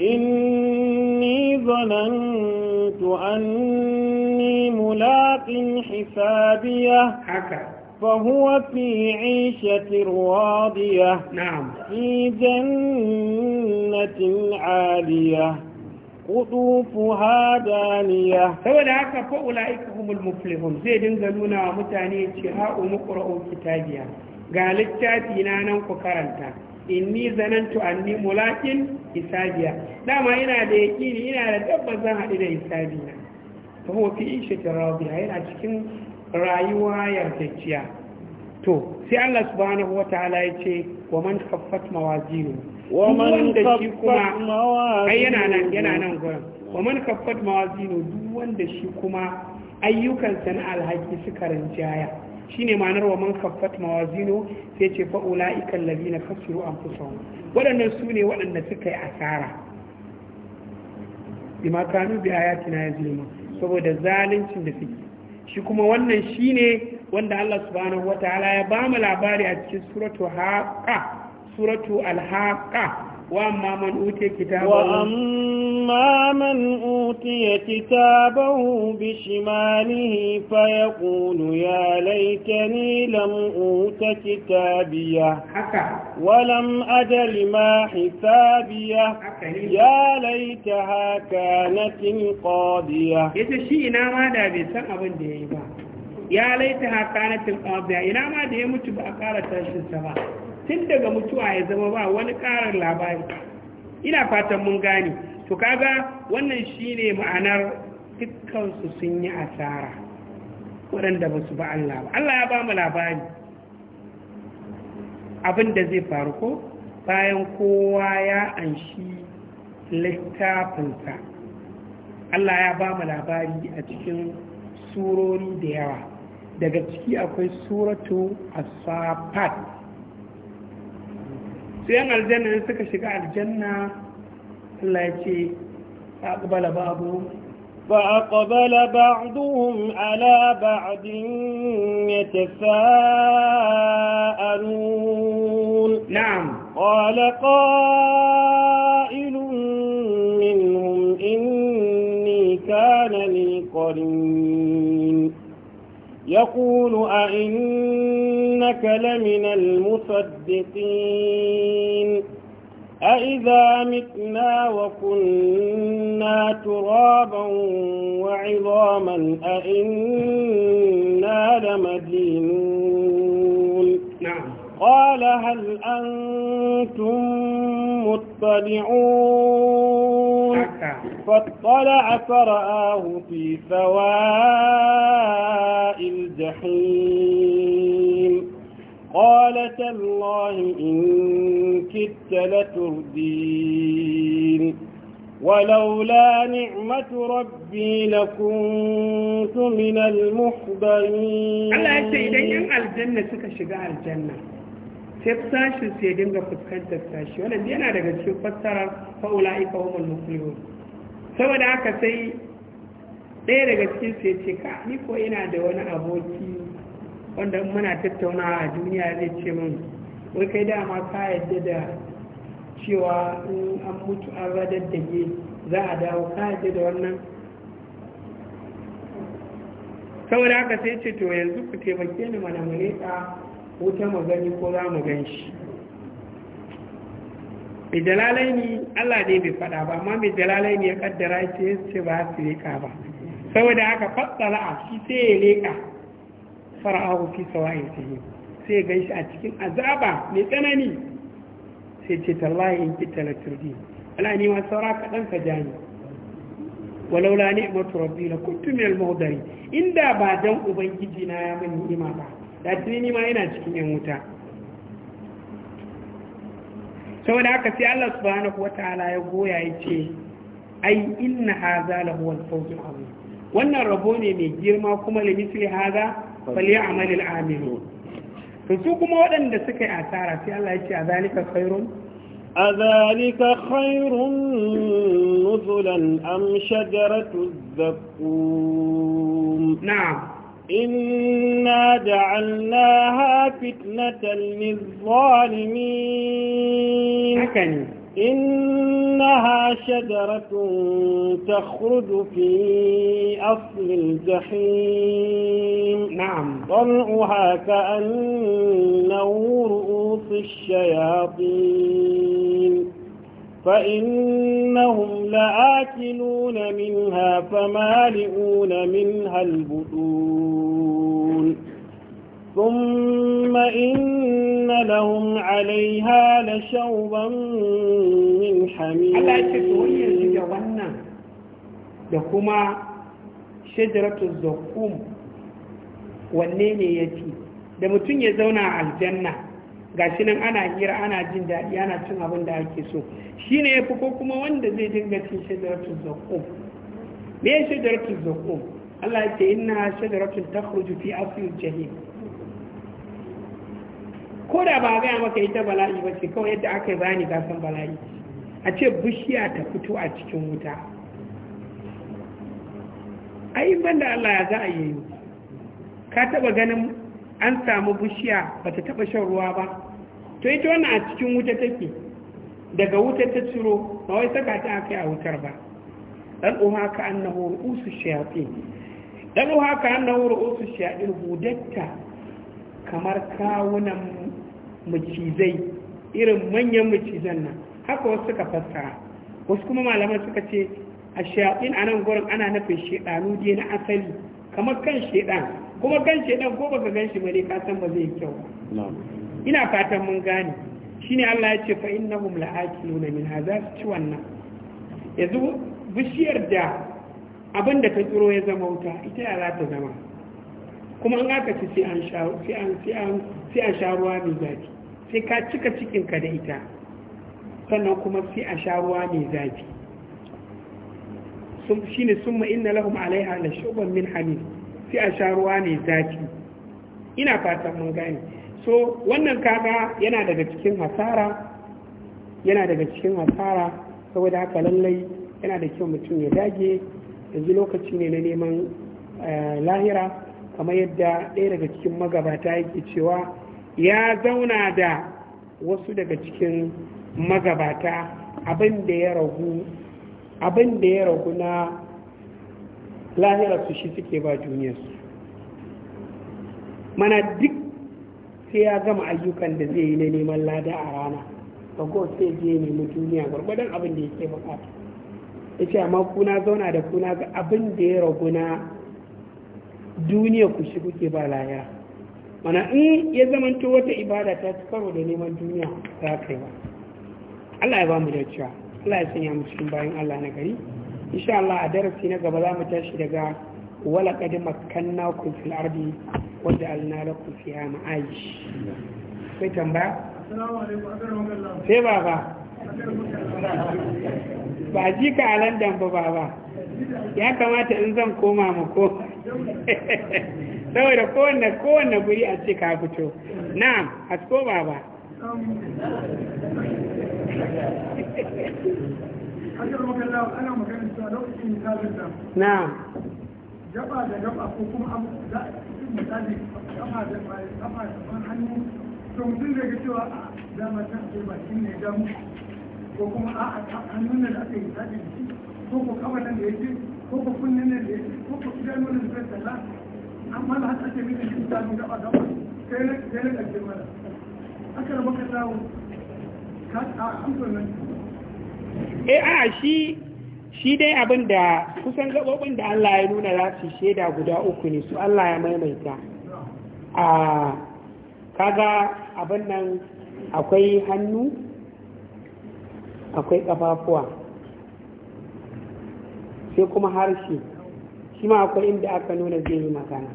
إني ظننت أني ملاق حسابيه حكى فهو في عيشة راضية نعم في جنة عالية قطوفها دانية saboda haka fa ulaika humul zai dinga nuna wa mutane ce ha'u muqra'u kitabiya ga littafi na nan ku karanta inni zanantu anni mulakin hisabiya dama ina da yaƙini ina da tabbas zan haɗu da hisabina fa huwa fi ishatin radiya cikin rayuwa yarjejjiya to sai Allah subhanahu wataala ya ce wa man khaffat mawazinu wa man da shi kuma ai yana nan yana nan gurin wa man khaffat mawazinu duk wanda shi kuma ayyukansa na alhaki suka rinjaya shine ma'anar wa man khaffat mawazinu sai ce fa ulaika allazina khasiru anfusahum waɗannan su ne waɗanda suka yi asara bima kanu bi ayatina yazlimun saboda zaluncin da suke shi kuma wannan ne wanda Allah subhanahu wataala ya ba mu labari a cikin suratu haqa suratu وأما من أوتي كتابه وأما من أوتي كتابه بشماله فيقول يا ليتني لم أوت كتابيه ولم أدر ما حسابيه يا ليتها كانت القاضية إذا شيء ما دابي سأبن ديبا ya laita haka na tilkawa ina ma da ya mutu ba a ƙara tashinsa ba tun daga mutuwa ya zama ba wani ƙarar labari ina fatan mun gane to kaga wannan shine ma'anar dukkansu sun yi asara waɗanda ba su ba Allah ba Allah ya ba mu labari abin da zai faru ko bayan kowa ya anshi littafinsa Allah ya ba mu labari a cikin surori da yawa daga ciki akwai suratu asafat sai yan aljanna ne suka shiga aljanna Allah ya ce aqbala ba'du fa aqbala ba'duhum ala ba'din yatafa'alun na'am qala qa'ilun minhum inni kana li qarin يقول أئنك لمن المصدقين أئذا متنا وكنا ترابا وعظاما أئنا لمدينون نعم قال هل أنتم مطلعون فاطلع فرآه في سواء الجحيم قال تالله إن كدت لتردين ولولا نعمة ربي لكنت من المحضرين الله يسعدك الجنة سكشك الجنة sai sashin su ya dinga fuskantar sashi wannan yana daga cikin fassara ulai ika humul muflihun saboda haka sai ɗaya daga cikin su ya ce ka ni ko ina da wani aboki wanda muna tattaunawa a duniya zai ce min wai kai dama ka yadda da cewa in an mutu an radar da za a dawo ka yadda da wannan saboda haka sai ce to yanzu ku taimake ni mana muleka ko ta magani ko za mu gan shi mai dalalai ne allah ne bai faɗa ba amma mai dalalai ne ya kaddara ce ce ba su leka ba saboda haka fatsala a shi sai ya leka fara'ahu fi sawa'in sai gan shi a cikin azaba mai tsanani sai ce tallahi in kita la turdi ala ni ma saura kaɗan ka jani walaula ni'matu rabbi la kuntu min al-muhdari inda ba dan ubangiji na ya mun ni'ima ba da ni ma yana cikin yan wuta saboda haka sai Allah subhanahu wataala ya goya ya ce ai inna haza lahu wal fawzul azim wannan rabo ne mai girma kuma li misli haza falyamal al amilun to su kuma waɗanda suka yi asara sai Allah ya ce azalika khairun أذلك خير نزلا am شجرة الزقوم نعم إنا جعلناها فتنة للظالمين إنها شجرة تخرج في أصل الجحيم نعم طلعها كأنه رؤوس الشياطين فإنهم لآكلون منها فمالئون منها البطون ثم إن لهم عليها لشوبا من حميم ألا تتوني الجوانا لكما شجرة الزقوم والنين يتي da mutum على الجنة gashi nan ana hira ana jin daɗi ana cin abin da ake so shi ne ya fi ko kuma wanda zai dinga cin shajaratun zaƙo me ya shajaratun Allah ya ce ina shajaratun ta kurju fi asirin jahim ko da ba gaya maka ita bala'i ba ce kawai yadda aka yi bani gasan bala'i a ce bishiya ta fito a cikin wuta yi ban da Allah ya za a yi ka taɓa ganin an samu bishiya ba ta taɓa shan ruwa ba to ita wannan a cikin wuta take daga wuta ta ciro ba wai saka ta aka yi a wutar ba dan uha ka annahu ru'usu shayatin dan uha ka annahu ru'usu shayatin hudatta kamar kawunan macizai irin manyan mucizan nan haka wasu suka fassara wasu kuma malaman suka ce a shayatin a nan gurin ana nufin shaidanu dai na asali kamar kan shaidan kuma gan ɗan ko baka gan shi ba ne? ka san ba zai kyau ina fatan mun gane Shi ne Allah ya ce fa la akiluna min hadha ci wannan yanzu bishiyar da abin da ta tsiro ya zama wuta ita ya za ta zama kuma an aka ci sai an sha ruwa mai zafi sai ka cika cikinka da ita sannan kuma sai a sha ruwa mai zafi shi ne sun ma'ina lahum alaiha na shuban min hamid sai a sha ruwa mai zafi ina fatan mun gane so wannan kaga yana daga cikin hasara yana daga cikin hasara saboda haka lallai yana da kyau mutum ya dage yanzu lokaci ne na neman eh, lahira kamar yadda ɗaya daga cikin magabata yake cewa ya zauna da wasu daga cikin magabata abin da ya ragu na lahirarsu shi suke ba duniyarsu mana duk sai ya gama ayyukan da zai yi na neman lada a rana ko sai je nemi duniya gwargwadon abin da yake bukata ya ce amma kuna zauna da kuna ga abin da ya ragu na duniya ku shi kuke ba lahira mana in ya zamanto wata ibada ta ci karo da neman duniya za ka yi ba Allah ya ba mu da cewa Allah ya sanya mu cikin bayan Allah na gari insha Allah a darasi na gaba za mu tashi daga wala qad makanna ku fil ardi wa alna lakum fiha ma'ayish sai tambaya assalamu alaikum sai baba ba ji ka a London ba baba ya kamata in zan koma mu ko <laughs> saboda kowanne kowanne guri a ce ka fito na'am asko baba <laughs> na'am gaba da gaba ko kuma abu da misali gaba da gaba da hannu to mutum zai ga cewa a ah, dama ta ce ba shi damu ko kuma ah, a hannun da aka yi misali ko ko kaba da ya ce ko ko kunnen da ya ce ko ko idanu da zai tsalla ah, amma da haka ce mini ta kai ne a E, eh, a shi shi dai abin da kusan gaɓoɓin da Allah ya nuna za su shaida guda uku ne su Allah ya maimaita a kaga abin nan akwai hannu akwai ƙafafuwa sai kuma harshe shi ma akwai inda aka nuna zai yi magana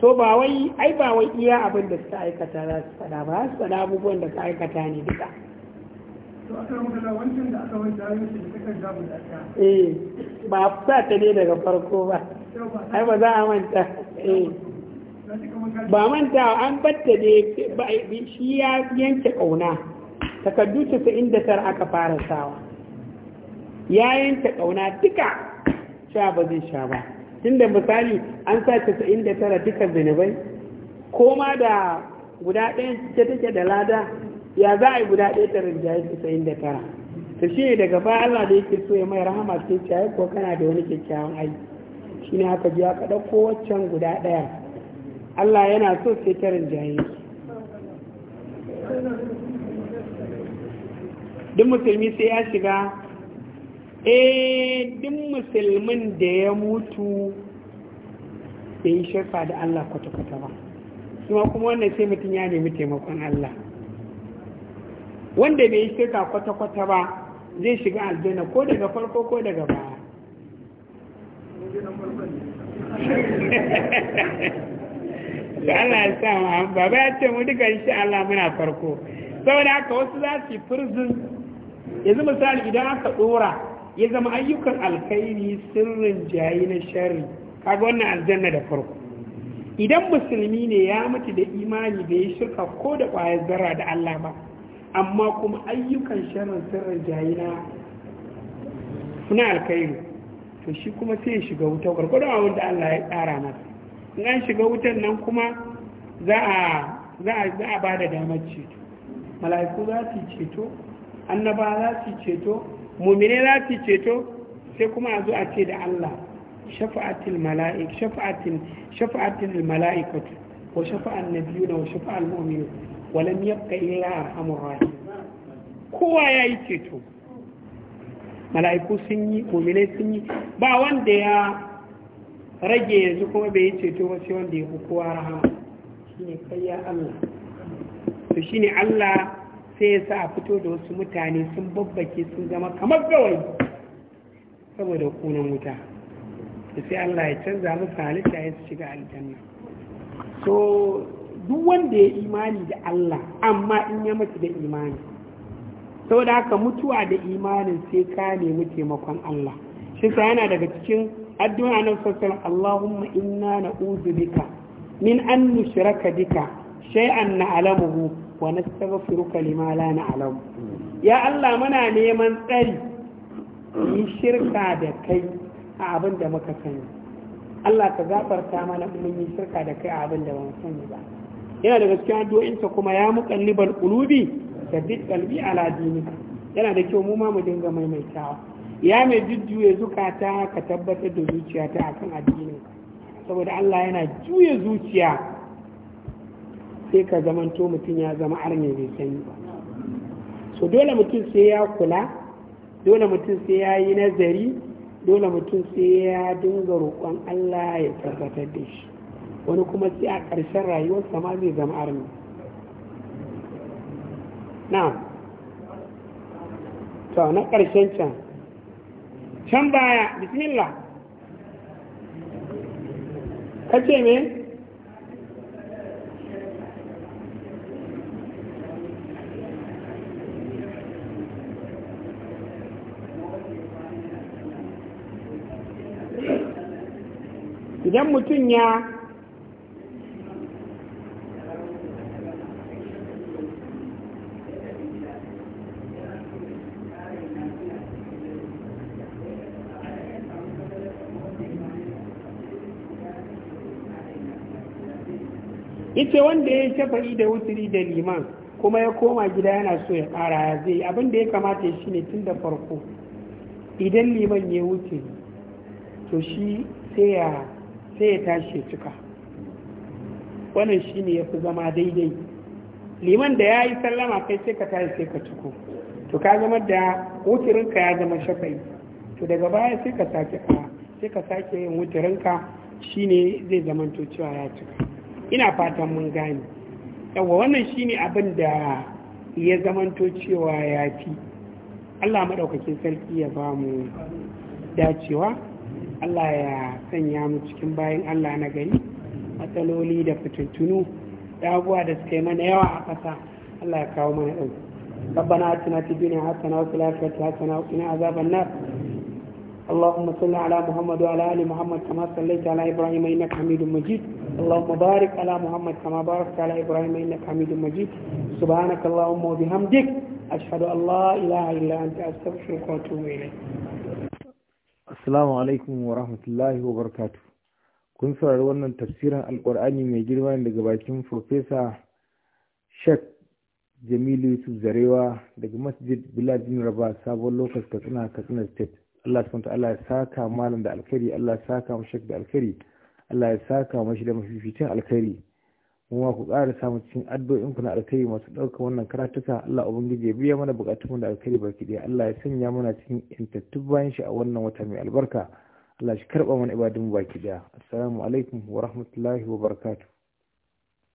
so ba wai ai ba wai iya abin da suka aikata za su faɗa ba su faɗa abubuwan da suka aikata ne duka eh ba a sa ta ne daga farko ba ai ba za a manta eh ba manta an batta ne shi ya yanke ƙauna takardu 99 aka fara sawa ya yanke ƙauna duka sha ba zai sha ba tunda misali an sa 99 duka zinubai koma da guda ɗaya ce take da lada ya za a yi guda ɗaya ta rinjaye casa'in da tara ta shi daga baya Allah da yake so ya mai rahama ce ciyayi ko kana da wani kyakkyawan aiki shi ne haka biya ka ɗauko waccan guda ɗaya Allah yana so sai ta rinjaye duk musulmi sai ya shiga eh duk musulmin da ya mutu bai yi shirka da Allah kwata-kwata ba kuma kuma wannan sai mutum ya nemi taimakon Allah wanda bai yi shirka kwata-kwata ba zai shiga aljanna ko daga farko ko daga baya Allah ya baba ya ce mu duka shi Allah muna farko saboda haka wasu za su yi firzin yanzu misali idan aka dora ya zama ayyukan alkhairi sirrin jayi na shari kaga wannan aljanna da farko idan musulmi ne ya mutu da imani bai shirka ko da ƙwayar zara da Allah ba amma kuma ayyukan sharar sirrin jayina suna alkhairi to shi kuma sai shiga wuta gwargwado a wanda Allah ya tsara masa in an shiga wutan nan kuma za a ba da damar ceto mala'iku za su ceto annaba za su ceto mumine za su ceto sai kuma a zo a ce da Allah shafa'atil mala'ik shafa'atil shafa'atil mala'ikatu wa shafa'an nabiyuna wa shafa'al mu'minun walam yabqa illa arhamur rahim kowa yayi ceto mala'iku sun yi mu'minai sun yi ba wanda ya rage yanzu kuma bai yi ceto ba sai wanda ya fi kowa rahama shine kai ya Allah to shine Allah sai ya sa a fito da wasu mutane sun babbake sun zama kamar gawai saboda kunan wuta sai Allah ya canza musu halitta ya shiga aljanna so duk wanda ya imani da Allah amma in ya mace da imani saboda haka mutuwa da imanin sai ka nemi taimakon Allah shi sa yana daga cikin addu'a na sassan Allahumma inna na'udhu bika min an nushraka bika shay'an na'lamuhu wa nastaghfiruka lima la na'lamu ya Allah muna neman tsari yi shirka da kai a abin da muka sani Allah ka gafarta mana mun yi shirka da kai a abin da ba mu sani ba yana daga cikin addu'o'insa kuma ya muqallibal qulubi sabbit qalbi ala dinika yana da kyau mu ma mu dinga maimaitawa ya mai jujjuye zukata ka tabbatar da zuciya ta akan addinin saboda Allah yana juya zuciya sai ka zamanto mutum ya zama arme bai sani ba so dole mutum sai ya kula dole mutum sai ya yi nazari dole mutum sai ya dinga roƙon Allah ya tabbatar da shi wani kuma sai a ƙarshen rayuwarsa ma zai zama arni na to na ƙarshen can can baya bismillah kace me idan mutum ya ita wanda ya shafa'i da wuturi da liman kuma ya koma gida yana so ya ƙara ya zai abin da ya kamata shi ne tun da farko idan liman ya wuce to shi sai ya tashi cika wannan shi ne ya fi zama daidai liman da ya yi sallama kai sai ka tashi sai ka ciko to ka zama da wuturinka ya zama shafa'i to daga baya sai ka sake sai ka sake yin wuturinka shine zai zamanto cewa ya cika ina fatan mun gane yawa wannan shi ne abin da ya zamanto cewa ya fi Allah maɗaukakin sarki ya ba mu dacewa Allah ya sanya mu cikin bayan Allah na gani. matsaloli da fitattunu da da suka yi mana yawa a ƙasa Allah ya kawo mana ɗauki ربنا اتنا في الدنيا حسنه وفي الاخره حسنه وقنا عذاب النار اللهم صل على محمد وعلى ال محمد كما صليت على ابراهيم انك حميد مجيد اللهم بارك على محمد كما باركت على إبراهيم إنك حميد مجيد سبحانك اللهم وبحمدك أشهد أن لا إله إلا أنت أستغفرك وأتوب إليك السلام عليكم ورحمة الله وبركاته kun saurari wannan tafsirin alkur'ani mai girma daga bakin Profesa Sheikh Jamilu Yusuf Zarewa daga Masjid Bilal bin Rabah sabon lokaci Katsina Katsina State. Allah ta'ala ya saka malam da alkhairi, Allah ya saka mu Sheikh da alkhairi. Allah ya saka mashi da mafificin alkhairi kuma ku ƙara samu cikin addu'o'inku na alkhairi masu ɗaukar wannan karatuka Allah ubangiji ya biya mana buƙatunmu da alkhairi baki ɗaya Allah ya sanya mana cikin intattun bayan shi a wannan wata mai albarka Allah shi karɓa mana ibadunmu baki ɗaya assalamu alaikum wa rahmatullahi wa barakatuh